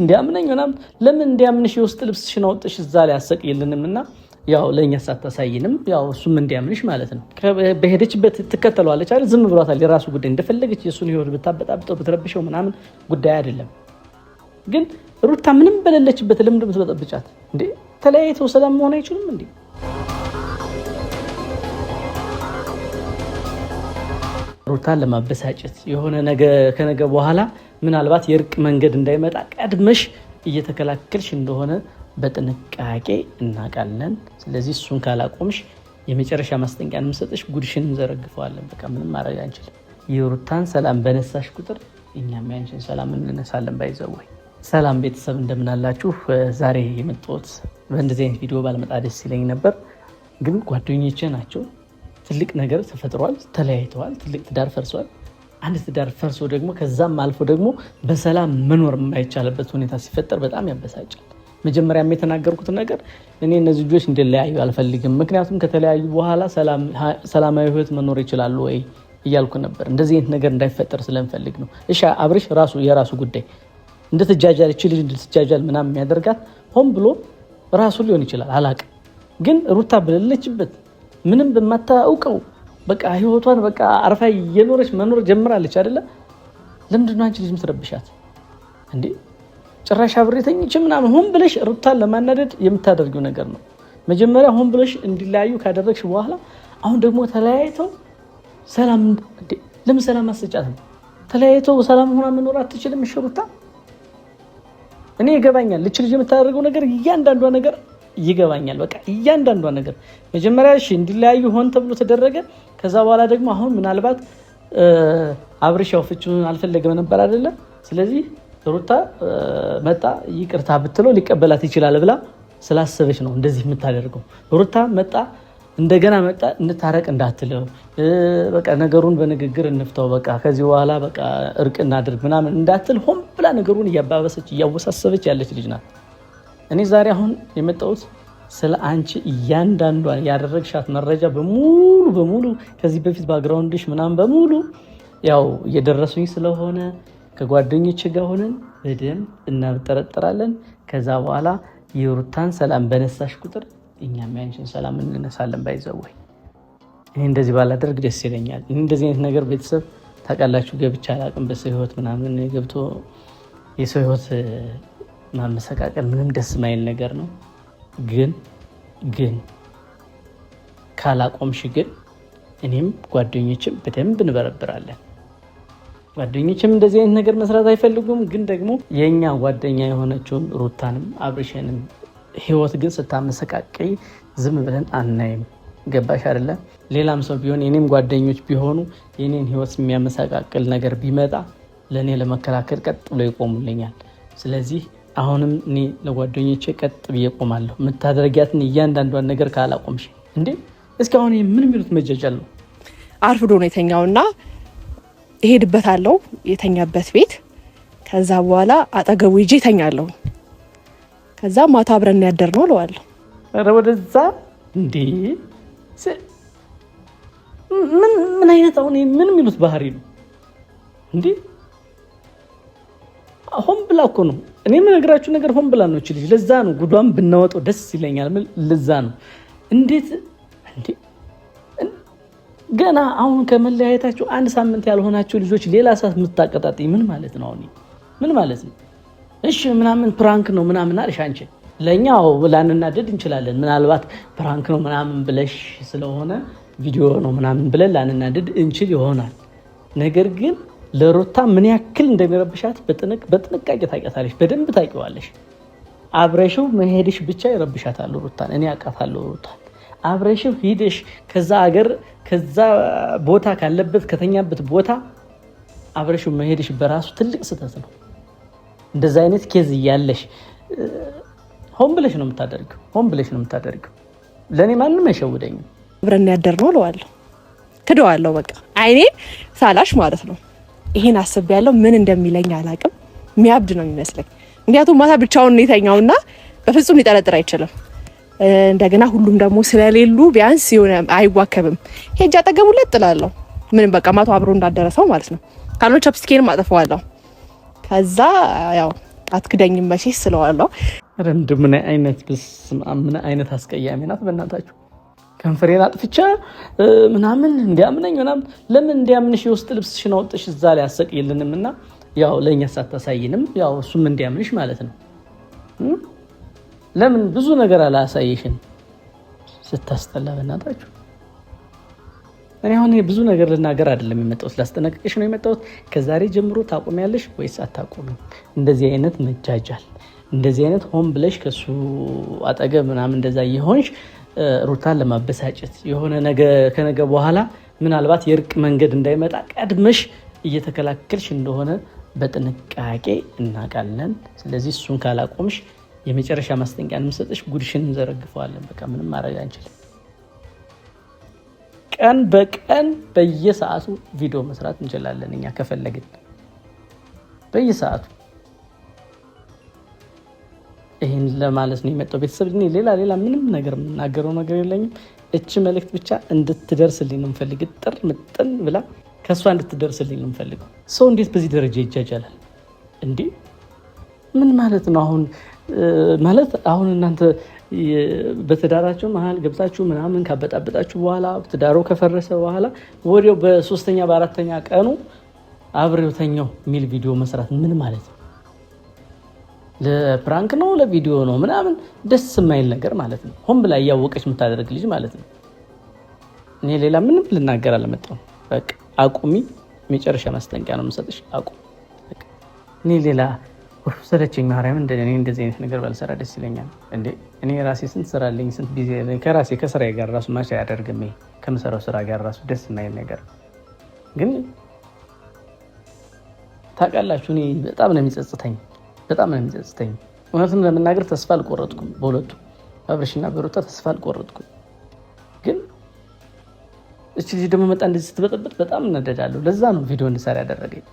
እንዲያምነኝ ምናም ለምን እንዲያምንሽ የውስጥ ልብስሽን አውጥሽ እዛ ላይ አሰቅይልንም እና ያው ለእኛ ሳታሳይንም ያው እሱም እንዲያምንሽ ማለት ነው። በሄደችበት ትከተለዋለች አይደል? ዝም ብሏታል። የራሱ ጉዳይ እንደፈለገች የእሱን ህይወት ብታበጣብጠው ብትረብሸው ምናምን ጉዳይ አይደለም። ግን ሩታ ምንም በሌለችበት ለምንድን ነው እንዴ? ተለያይተው ሰላም መሆን አይችሉም እንዴ? ሩታን ለማበሳጨት የሆነ ነገ ከነገ በኋላ ምናልባት የእርቅ መንገድ እንዳይመጣ ቀድመሽ እየተከላከልሽ እንደሆነ በጥንቃቄ እናውቃለን። ስለዚህ እሱን ካላቆምሽ የመጨረሻ ማስጠንቀቂያ እንሰጥሽ ጉድሽን እንዘረግፈዋለን። በቃ ምንም ማድረግ አንችልም። የሩታን ሰላም በነሳሽ ቁጥር እኛም ያንችን ሰላም እንነሳለን። ባይዘወይ ሰላም ቤተሰብ እንደምናላችሁ። ዛሬ የመጣሁት በእንደዚህ አይነት ቪዲዮ ባልመጣ ደስ ይለኝ ነበር፣ ግን ጓደኞቼ ናቸው ትልቅ ነገር ተፈጥሯል፣ ተለያይተዋል፣ ትልቅ ትዳር ፈርሷል። አንድ ትዳር ፈርሶ ደግሞ ከዛም አልፎ ደግሞ በሰላም መኖር የማይቻልበት ሁኔታ ሲፈጠር በጣም ያበሳጫል። መጀመሪያም የተናገርኩት ነገር እኔ እነዚህ ልጆች እንደለያዩ አልፈልግም፣ ምክንያቱም ከተለያዩ በኋላ ሰላማዊ ህይወት መኖር ይችላሉ ወይ እያልኩ ነበር። እንደዚህ አይነት ነገር እንዳይፈጠር ስለምፈልግ ነው። እሺ አብርሽ ራሱ የራሱ ጉዳይ እንደተጃጃል ችል እቺ ልጅ እንድትጃጃል ምናምን የሚያደርጋት ሆን ብሎ ራሱ ሊሆን ይችላል አላቅም። ግን ሩታ ብለለችበት ምንም በማታውቀው በቃ ህይወቷን በቃ አርፋ እየኖረች መኖር ጀምራለች አይደለ? ለምንድነው አንቺ ልጅ ምትረብሻት እንዴ? ጭራሽ አብሬ ተኝቼ ምናምን ሆን ብለሽ ሩታን ለማናደድ የምታደርጊው ነገር ነው። መጀመሪያ ሆን ብለሽ እንዲለያዩ ካደረግሽ በኋላ አሁን ደግሞ ተለያይተው ሰላም ለምን ሰላም አሰጫት ነው? ተለያይተው ሰላም ሆና መኖር አትችልም? እሺ ሩታ፣ እኔ ይገባኛል ልች ልጅ የምታደርገው ነገር እያንዳንዷ ነገር ይገባኛል። በቃ እያንዳንዷ ነገር መጀመሪያ እሺ እንዲለያዩ ሆን ተብሎ ተደረገ። ከዛ በኋላ ደግሞ አሁን ምናልባት አብርሻው ፍቹን አልፈለገም ነበር አይደለም። ስለዚህ ሩታ መጣ ይቅርታ ብትለው ሊቀበላት ይችላል ብላ ስላሰበች ነው እንደዚህ የምታደርገው። ሩታ መጣ እንደገና መጣ እንታረቅ እንዳትለው በቃ ነገሩን በንግግር እንፍተው በቃ ከዚህ በኋላ በቃ እርቅ እናድርግ ምናምን እንዳትል ሆን ብላ ነገሩን እያባበሰች እያወሳሰበች ያለች ልጅ ናት። እኔ ዛሬ አሁን የመጣሁት ስለ አንቺ እያንዳንዷን ያደረግሻት መረጃ በሙሉ በሙሉ ከዚህ በፊት ባግራውንድሽ ምናምን በሙሉ ያው እየደረሱኝ ስለሆነ ከጓደኞች ጋር ሆነን በደንብ እናጠረጥራለን። ከዛ በኋላ የሩታን ሰላም በነሳሽ ቁጥር እኛም ያንችን ሰላም እንነሳለን። ባይዘወይ እኔ እንደዚህ ባላደርግ ደስ ይለኛል። እኔ እንደዚህ አይነት ነገር ቤተሰብ ታውቃላችሁ፣ ገብቼ አላቅም በሰው ህይወት ምናምን ገብቶ የሰው ህይወት ማመሰቃቀል ምንም ደስ ማይል ነገር ነው። ግን ግን ካላቆምሽ ግን እኔም ጓደኞችም በደንብ እንበረብራለን። ጓደኞችም እንደዚህ አይነት ነገር መስራት አይፈልጉም። ግን ደግሞ የእኛ ጓደኛ የሆነችውን ሩታንም አብርሽንም ህይወት ግን ስታመሰቃቀይ ዝም ብለን አናይም። ገባሽ አይደለ? ሌላም ሰው ቢሆን የኔም ጓደኞች ቢሆኑ የኔን ህይወት የሚያመሰቃቅል ነገር ቢመጣ ለእኔ ለመከላከል ቀጥ ብሎ ይቆሙልኛል። ስለዚህ አሁንም እኔ ለጓደኞቼ ቀጥ ብዬ ቆማለሁ። የምታደርጊያትን እያንዳንዷን ነገር ካላቆምሽ እንዴ እስካሁን ምን የሚሉት መጃጃል ነው? አርፍዶ ነው የተኛውና እሄድበታለሁ የተኛበት ቤት። ከዛ በኋላ አጠገቡ ይዤ ይተኛለሁ። ከዛ ማታ አብረን ያደር ነው እለዋለሁ። ኧረ ወደዛ እንዴ! ምን አይነት አሁን ምን የሚሉት ባህሪ ነው እንዴ? ሆን ብላ እኮ ነው። እኔ የምነግራችሁ ነገር ሆን ብላ ነው ልጅ። ለዛ ነው ጉዷን ብናወጣው ደስ ይለኛል። ለዛ ነው እንዴት ገና አሁን ከመለያየታችሁ አንድ ሳምንት ያልሆናችሁ ልጆች ሌላ ሰዓት የምታቀጣጥኝ ምን ማለት ነው? አሁን ምን ማለት ነው? እሺ ምናምን ፕራንክ ነው ምናምን አልሽ አንቺ። ለእኛ ላንናደድ እንችላለን። ምናልባት ፕራንክ ነው ምናምን ብለሽ ስለሆነ ቪዲዮ ነው ምናምን ብለን ላንናደድ እንችል ይሆናል። ነገር ግን ለሩታ ምን ያክል እንደሚረብሻት በጥንቃቄ ታውቂያታለሽ፣ በደንብ ታውቂዋለሽ። አብረሽው መሄድሽ ብቻ ይረብሻታል ሩታን። እኔ አውቃታለሁ ሩታን። አብረሽው ሂደሽ ከዛ አገር ከዛ ቦታ ካለበት ከተኛበት ቦታ አብረሽው መሄድሽ በራሱ ትልቅ ስህተት ነው። እንደዚ አይነት ኬዝ እያለሽ ሆን ብለሽ ነው የምታደርገው፣ ሆን ብለሽ ነው የምታደርገው። ለእኔ ማንም አይሸውደኝም። አብረን ያደር ነው እለዋለሁ፣ ክደዋለሁ። በቃ አይኔ ሳላሽ ማለት ነው ይሄን አስብ ያለው ምን እንደሚለኝ አላቅም። ሚያብድ ነው የሚመስለኝ። ምክንያቱም ማታ ብቻውን ነው የተኛውና በፍጹም ሊጠረጥር አይችልም። እንደገና ሁሉም ደግሞ ስለሌሉ ቢያንስ የሆነ አይዋከብም። ሄጅ አጠገቡ ለጥላለሁ ምንም በቃ ማታ አብሮ እንዳደረሰው ማለት ነው። ካልሆነ ቻፕስቲኬንም አጥፈዋለሁ። ከዛ ያው አትክደኝም መቼ ስለዋለሁ። ምን አይነት ብስ ምን አይነት አስቀያሚ ናት በእናታችሁ። ከንፈሬን አጥፍቻ ምናምን እንዲያምነኝ ምናምን ለምን እንዲያምንሽ የውስጥ ልብስሽን አውጥሽ እዛ ላይ አሰቅይልንም እና ያው ለእኛ ሳታሳይንም ያው እሱም እንዲያምንሽ ማለት ነው። ለምን ብዙ ነገር አላሳየሽን? ስታስጠላ በእናታችሁ። እኔ አሁን ብዙ ነገር ልናገር አይደለም የመጣሁት፣ ላስጠነቅቅሽ ነው የመጣሁት። ከዛሬ ጀምሮ ታቆሚያለሽ ወይስ አታቆሚም? እንደዚህ አይነት መጃጃል፣ እንደዚህ አይነት ሆን ብለሽ ከሱ አጠገብ ምናምን እንደዛ እየሆንሽ ሩታን ለማበሳጨት የሆነ ከነገ በኋላ ምናልባት የእርቅ መንገድ እንዳይመጣ ቀድመሽ እየተከላከልሽ እንደሆነ በጥንቃቄ እናውቃለን። ስለዚህ እሱን ካላቆምሽ የመጨረሻ ማስጠንቀቂያ የምሰጥሽ ጉድሽን እንዘረግፈዋለን። በቃ ምንም ማድረግ አንችልም። ቀን በቀን በየሰዓቱ ቪዲዮ መስራት እንችላለን እኛ ከፈለግን በየሰዓቱ ይህን ለማለት ነው የመጣው። ቤተሰብ ሌላ ሌላ ምንም ነገር የምናገረው ነገር የለኝም። እች መልእክት ብቻ እንድትደርስልኝ ነው ምፈልግ። ጥር ምጥን ብላ ከእሷ እንድትደርስልኝ ነው ምፈልገው። ሰው እንዴት በዚህ ደረጃ ይጃጃላል እንዴ? ምን ማለት ነው? አሁን ማለት አሁን እናንተ በትዳራቸው መሀል ገብታችሁ ምናምን ካበጣበጣችሁ በኋላ ትዳሮ ከፈረሰ በኋላ ወዲያው በሶስተኛ በአራተኛ ቀኑ አብሬው ተኛው የሚል ቪዲዮ መስራት ምን ማለት ነው? ለፕራንክ ነው ለቪዲዮ ነው ምናምን ደስ የማይል ነገር ማለት ነው። ሆን ብላ እያወቀች የምታደርግ ልጅ ማለት ነው። እኔ ሌላ ምንም ልናገር አልመጣሁም። በቃ አቁሚ። መጨረሻ ማስጠንቂያ ነው የምሰጥሽ። አቁሚ። እኔ ሌላ ሰለቸኝ። ማርያም እንደ እንደዚህ አይነት ነገር ባልሰራ ደስ ይለኛል። እንዴ እኔ ራሴ ስንት ስራ አለኝ፣ ስንት ቢዚ ከራሴ ከስራ ጋር ራሱ ማ ያደርግም ከምሰራው ስራ ጋር ራሱ ደስ የማይል ነገር ግን ታውቃላችሁ፣ እኔ በጣም ነው የሚጸጽተኝ በጣም ነው የሚጸጽተኝ። እውነቱን ለመናገር ተስፋ አልቆረጥኩም። በሁለቱ አብርሽና በሩታ ተስፋ አልቆረጥኩም። ግን እች ልጅ ደግሞ መጣ እንደዚህ ስትበጠበጥ በጣም እነደዳለሁ። ለዛ ነው ቪዲዮ እንድሰራ ያደረገኝ።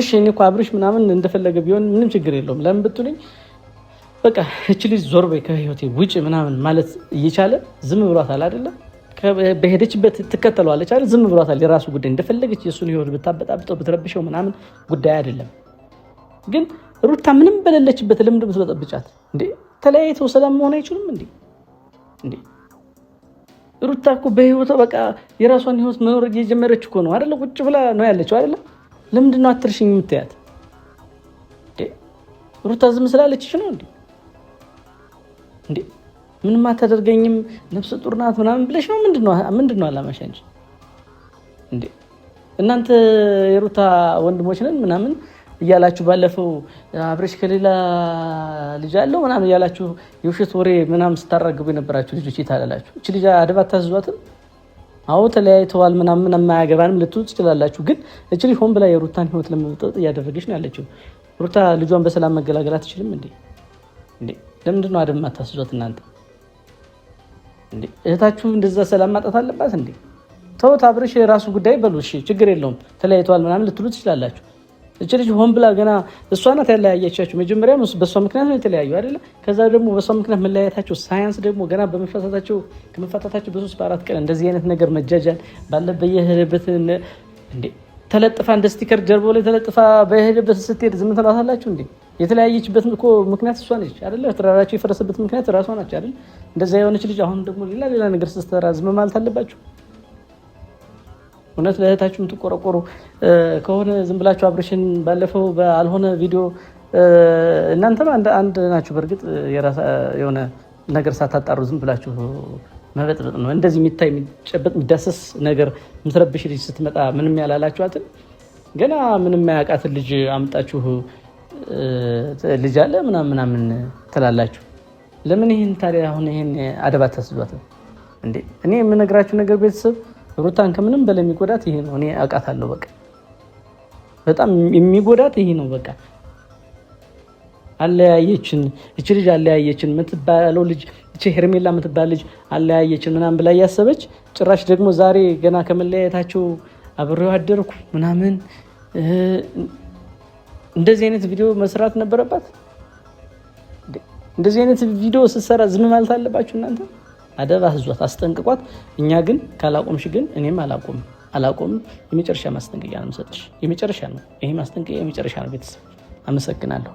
እሺ እኔ እኮ አብርሽ ምናምን እንደፈለገ ቢሆን ምንም ችግር የለውም። ለምን ብትሉኝ በቃ እች ልጅ ዞር በይ ከህይወቴ ውጭ ምናምን ማለት እየቻለ ዝም ብሏታል አይደለም በሄደችበት ትከተለዋለች አይደል? ዝም ብሏታል። የራሱ ጉዳይ እንደፈለገች የእሱን ህይወት ብታበጣብጠው ብትረብሸው ምናምን ጉዳይ አይደለም ግን ሩታ ምንም በሌለችበት ልምድ ብትበጠብጫት እንዴ ተለያይተው ሰላም መሆን አይችሉም እንዴ? እንዴ ሩታ እኮ በህይወቷ በቃ የራሷን ህይወት መኖር እየጀመረች እኮ ነው አይደለ? ቁጭ ብላ ነው ያለችው አይደለ? ነው አትርሽኝ የምትያት? ሩታ ዝም ስላለችሽ ነው እንዴ? እንዴ ምንም አታደርገኝም ነፍሰ ጡር ናት ምናምን ብለሽ ነው? ምንድን ነው አላማሽ አንቺ? እንዴ እናንተ የሩታ ወንድሞች ነን ምናምን እያላችሁ ባለፈው አብሬሽ ከሌላ ልጅ አለው ምናምን እያላችሁ የውሸት ወሬ ምናምን ስታራግቡ የነበራችሁ ልጆች ይታላላችሁ። እች ልጅ አድባ ታዝዟትም? አዎ ተለያይተዋል ምናምን የማያገባንም ልትሉ ትችላላችሁ። ግን እች ልጅ ሆን ብላ የሩታን ህይወት ለመጠጥ እያደረገች ነው ያለችው። ሩታ ልጇን በሰላም መገላገል አትችልም እንዴ? ለምንድን ነው አድማ ታስዟት እናንተ? እህታችሁ እንደዛ ሰላም ማጣት አለባት እንዴ? ተውት፣ አብረሽ የራሱ ጉዳይ በሉ። ችግር የለውም ተለያይተዋል ምናምን ልትሉ ትችላላችሁ። እች ልጅ ሆን ብላ ገና እሷ ናት ያለያያቻቸው። መጀመሪያ በእሷ ምክንያት ነው የተለያዩ አይደለ? ከዛ ደግሞ በእሷ ምክንያት መለያየታቸው ሳያንስ ደግሞ ገና በመፈታታቸው ከመፈታታቸው በሶስት በአራት ቀን እንደዚህ አይነት ነገር መጃጃል ባለ በየሄደበት ተለጥፋ እንደ ስቲከር ጀርባው ላይ ተለጥፋ በሄደበት ስትሄድ ዝም ትላታላችሁ እንዴ? የተለያየችበት እኮ ምክንያት እሷ ነች አይደለ? ትዳራቸው የፈረሰበት ምክንያት ራሷ ናቸው አይደል? እንደዛ የሆነች ልጅ አሁን ደግሞ ሌላ ሌላ ነገር ስትሰራ ዝም ማለት አለባችሁ? እውነት ለእህታችሁ የምትቆረቆሩ ከሆነ ዝም ብላችሁ አብርሽን ባለፈው ባልሆነ ቪዲዮ እናንተም አንድ ናችሁ። በእርግጥ የሆነ ነገር ሳታጣሩ ዝም ብላችሁ መበጥበጥ ነው። እንደዚህ የሚታይ የሚጨበጥ የሚዳሰስ ነገር የምትረብሽ ልጅ ስትመጣ ምንም ያላላችኋትን ገና ምንም ያውቃትን ልጅ አምጣችሁ ልጅ አለ ምናምን ምናምን ትላላችሁ። ለምን ይህን ታዲያ አሁን ይህን አደባት ታስዟት? እኔ የምነግራችሁ ነገር ቤተሰብ ሩታን ከምንም በላይ የሚጎዳት ይሄ ነው። እኔ አውቃታለሁ። በቃ በጣም የሚጎዳት ይሄ ነው። በቃ አለያየችን፣ እች ልጅ አለያየችን የምትባለው ልጅ እች ሄርሜላ የምትባል ልጅ አለያየችን ምናምን ብላ እያሰበች ጭራሽ ደግሞ ዛሬ ገና ከመለያየታቸው አብሬው አደርኩ ምናምን እንደዚህ አይነት ቪዲዮ መስራት ነበረባት። እንደዚህ አይነት ቪዲዮ ስትሰራ ዝም ማለት አለባችሁ እናንተ። አደብ አህዟት አስጠንቅቋት። እኛ ግን ካላቆምሽ ግን እኔም አላቆምም አላቆምም። የመጨረሻ ማስጠንቀቂያ ነው የምሰጥሽ፣ የመጨረሻ ነው ይሄ ማስጠንቀቂያ፣ የመጨረሻ ነው። ቤተሰብ አመሰግናለሁ።